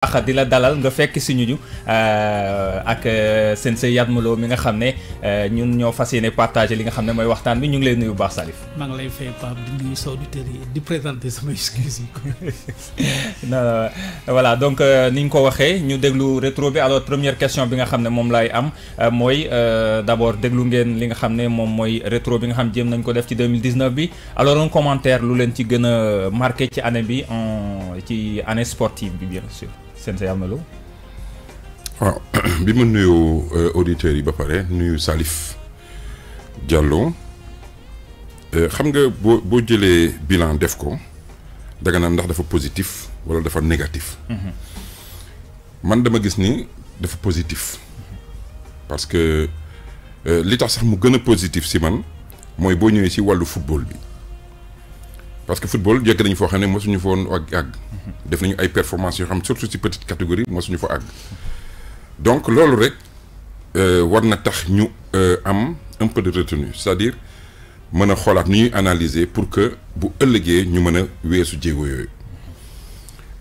ax di la dalal nga fekk si ñu euh, ak euh, Sensei Yatma Lo mi nga xam ne euh, ñun ñoo fas yéene partagé li nga xam ne mooy waxtaan bi ñu ngi lay nuyu baax Salif. maa ngi lay fay Pape di nuyu sa auditeurs yi di présenter sama excuse yi. voilà donc ni ñu ko waxee ñu déglu rétro bi alors première question bi nga xam ne moom laay am mooy d'abord déglu ngeen li nga xam ne moom mooy rétro bi nga xam jéem nañ ko def ci 2019 bi alors un commentaire lu leen ci gën a marqué ci année bi en ci année sportive bi bien sûr seen sa yàlla bi mu nuyu euh, auditeur yi ba pare nuyu Salif Diallo euh, xam nga bo boo jëlee bilan def ko danga naan ndax dafa positif wala dafa négatif. Mhm. man dama gis ni dafa positif. parce que euh, li tax sax mu gën a positif si man mooy boo ñëwee si wàllu football bi parce que football jekk nañu foo xam ne mosuñu foon ak àgg def nañu ay performances yoo xam surtout ci petite catégorie mosuñu fa àgg. donc loolu rek euh, war na tax ñu euh, am un peu de retenue c'est-à-dire mën a xoolaat analyser pour que bu ëllëgee ñu mën a weesu jéego yooyu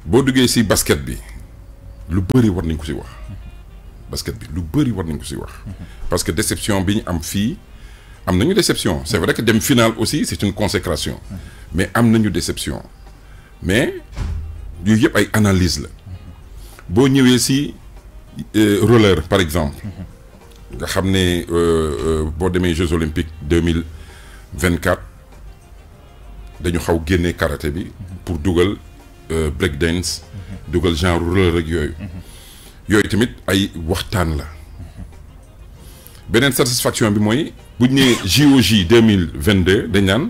boo duggee ci basket bi lu bari war nañ ko ci wax basket bi lu bari war nañ ko ci wax. parce que déception bi ñu am fii am nañu déception c'est vrai que dem final aussi c'est une consécration mais am nañu déception mais yooyu yëpp ay analyse la boo ñëwee si euh, roller par exemple nga xam ne euh, euh, boo demee Jeux olympiques 2024 dañu xaw karaté bi pour dugal break dance dugal genre roller rek yooyu yooyu tamit ay waxtaan la beneen satisfaction bi mooy buñ nee JOJ 2022 dañ naan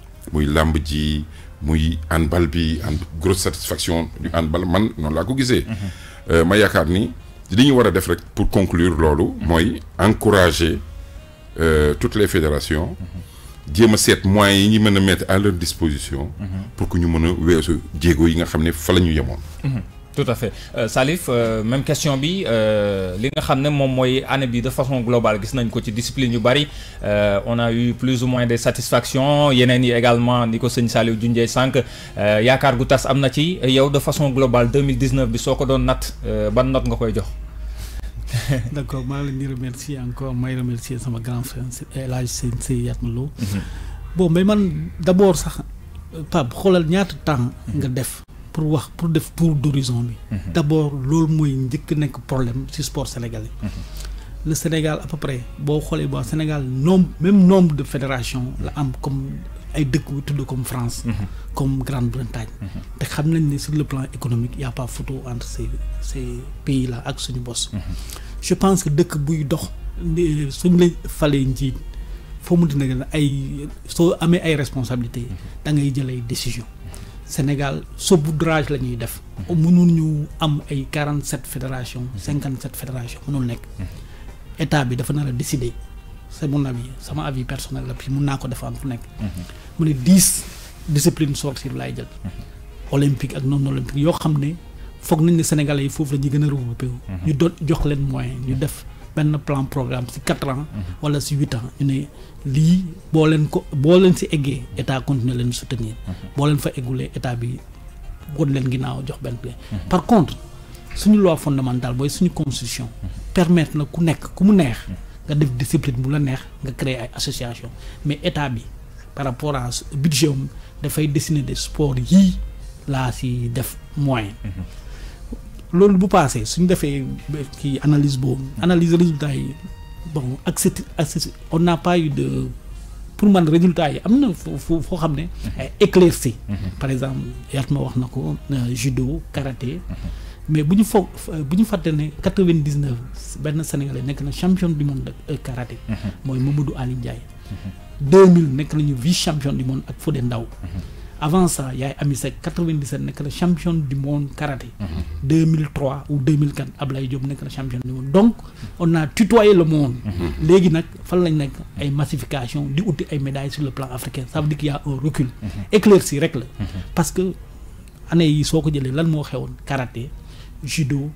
muy lamb ji muy handball bi en grosse satisfaction du handball man non la ko mhm. euh ma yakar ni li wara def rek pour conclure lolu moy mhm. encourager euh, toutes les fédérations. djema mhm. set moyens yi ñi mëna mettre à leur disposition. pour que ñu mëna a djégo yi nga xamné fa la yémon tout à fait euh, Salif euh, même question bi euh, li nga xam ne moom année bi de façon globale gis nañ ko ci discipline yu bari on a eu plus ou moins des satisfactions Il yi également ni ko sëñ Saliou junjee sànq yaakaar gu tas am na ci yow de façon globale 2019 bi soo ko doon nat ban not nga koy jox. d' accord ngi leen di remercier encore may remercier sama grand frère El Hadj Sëñ Yatma mhm. bon mais man d'abord abord sax Pape xoolal ñaata temps nga def pour wax pour def tour d'horizon bi mhm. d'abord abord moy ndik nek problème ci sport sénégalais mhm. le Sénégal à peu près bo xolé bo Sénégal nombre même nombre de fédérations la am comme ay dëkk yu tudd comme France mhm. comme Grande-Bretagne te xam nañ ne sur le plan économique il y a pas photo entre ces ces pays là ak suñu boss je pense que dëkk buy dox suñ lay falee njiit faut mu dina ay soo amee ay responsabilité da ngay jël décision Sénégal saupoudrage la ñuy def. mënul ñu am ay 47 fédérations. 57 mhm. fédérations mënul nek mhm. état bi dafa nar a décider c'est mon avis sama avis personnel la puis mun naa ko def am fu nek mhm. mu ne 10 disciplines sportives laay jël. olympique ak non olympique yo xamné ne foog nañ ne Sénégalais yi foofu la ñuy gëna a regroupé wu. ñu jox leen moyen ñu def ben plan programme ci quatre ans. wala ci huit ans ñu li bo len ko bo leen ci eggee état continue len soutenir. Mhm. bo len fa eggulee état bi bo len ginaaw jox ben plan. Mhm. par contre suñu loi fondamentale boy suñu constitution. Mhm. permettre na ku nek ku mu neex. nga def discipline bu la neex nga créer ay association mais état bi par rapport à budget fay dessiner des sports yi la ci def moyen loolu bu passé suñu defee kii analyse boobu analyse résultat yi bon accepté on n'a pas eu de pour man résultat yi am na foo foo xam ne mhm. éclairci mhm. par exemple ma wax na ko euh, judo karaté mhm. mais bu ñu foog bu ñu fàtte ne 99. benn sénégalais nekk na champion du monde karaté mooy Mamadou Ali Ndiaye 2000 mille nekk nañu vice champion du monde ak Fodé Ndaw avant ça, il y a Amisek 97 nek le champion du monde karaté. 2003 ou 2004 Ablaye Diop le champion du monde. Donc on a tutoyé le monde. Mhm. Légui nak fan lañ nek ay massification di médailles sur le plan africain. Ça veut dire qu'il y a un recul. Mm -hmm. Éclairci rek mhm. Parce que année yi soko jëlé lan mo karaté, judo,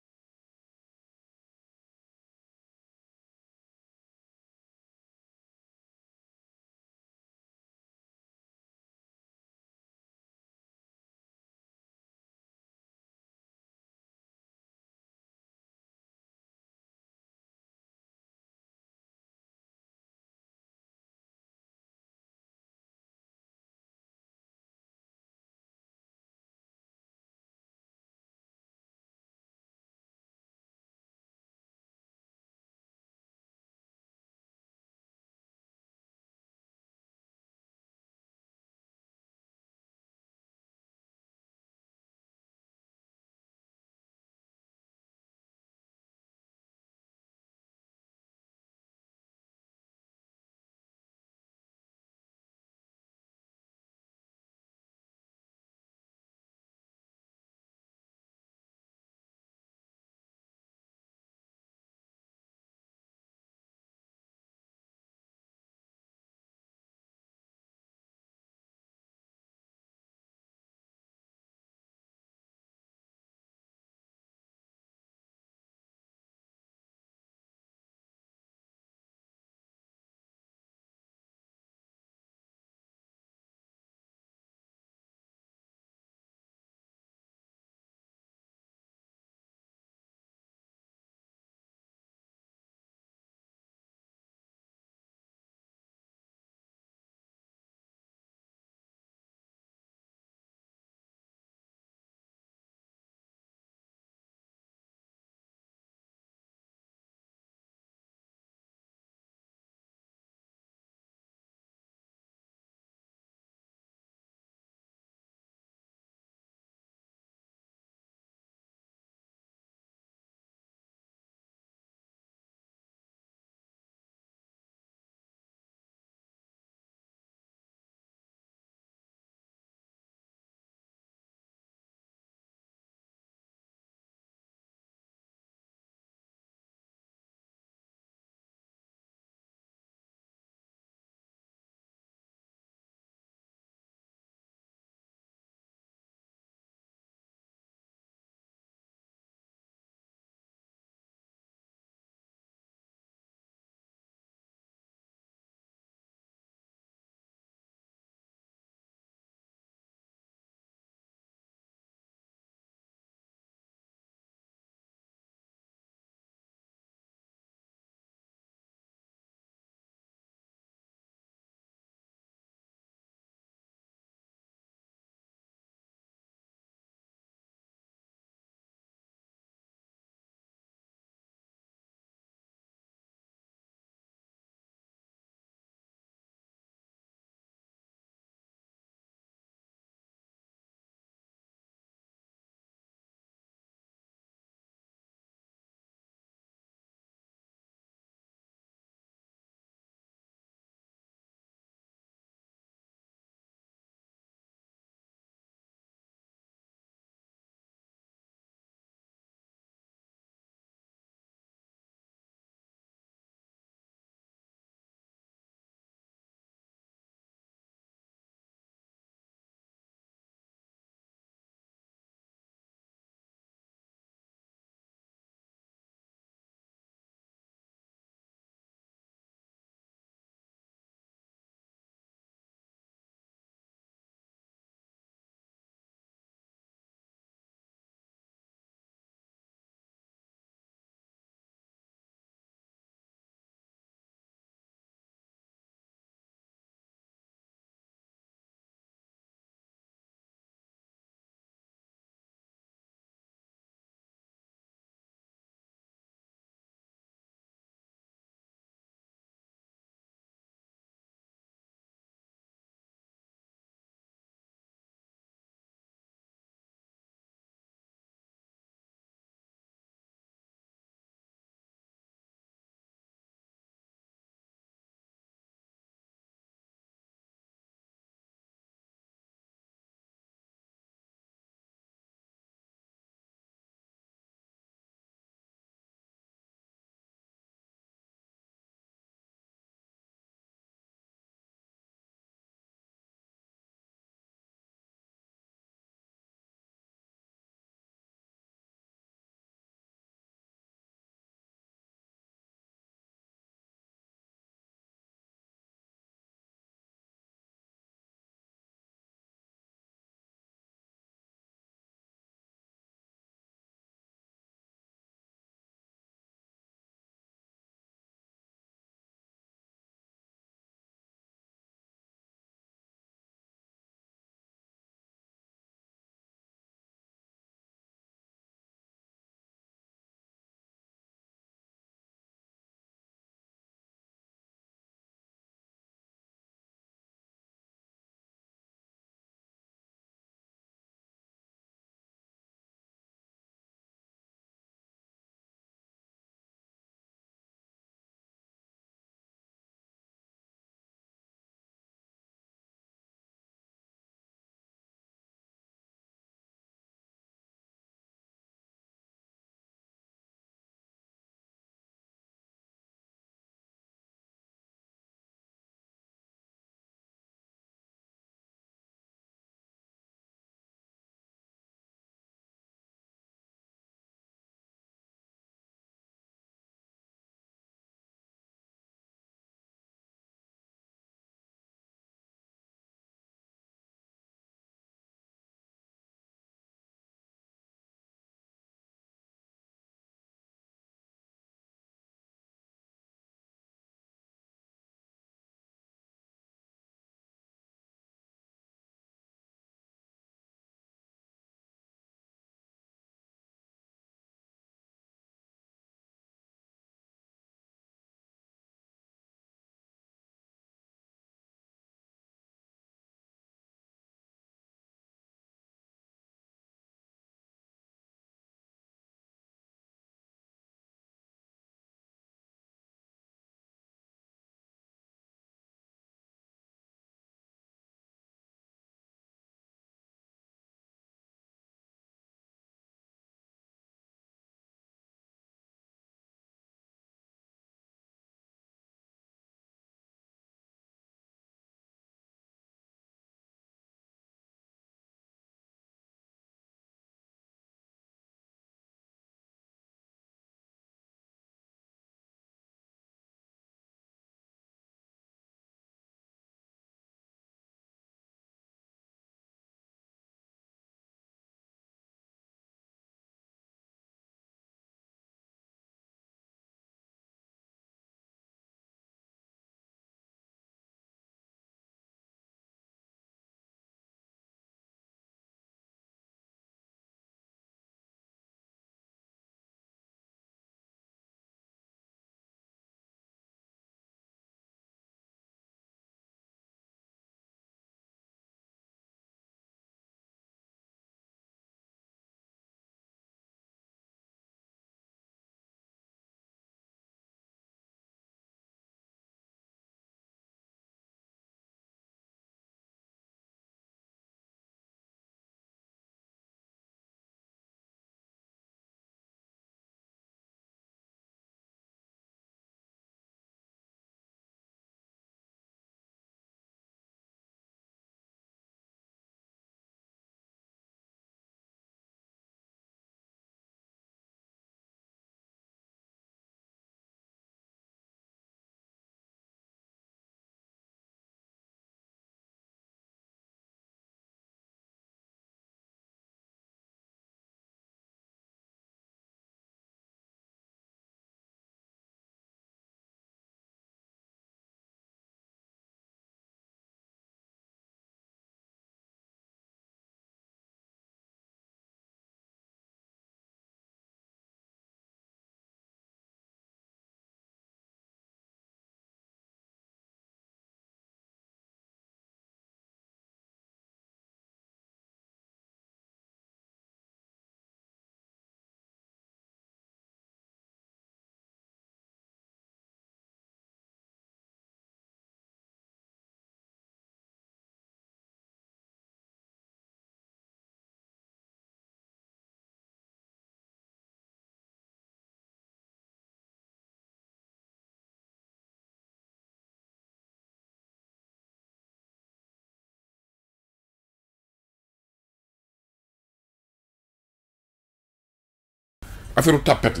affaire u tàppet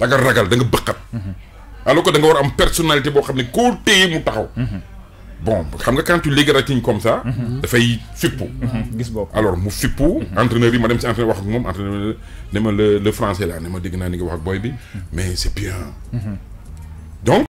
la da ragal danga nga bëqat alors que war am personnalité boo xam ne koo téye mu taxaw bon xam nga quand tu l'égratignes comme ça dafay fippu gis boobu alors mu fippu entraîneur yi ma dem si entraîneur wax ak moom entraîneur ne ma le le français là ne ma dégg naa ni nga wax ak booy bi mais c'est bien mhm. donc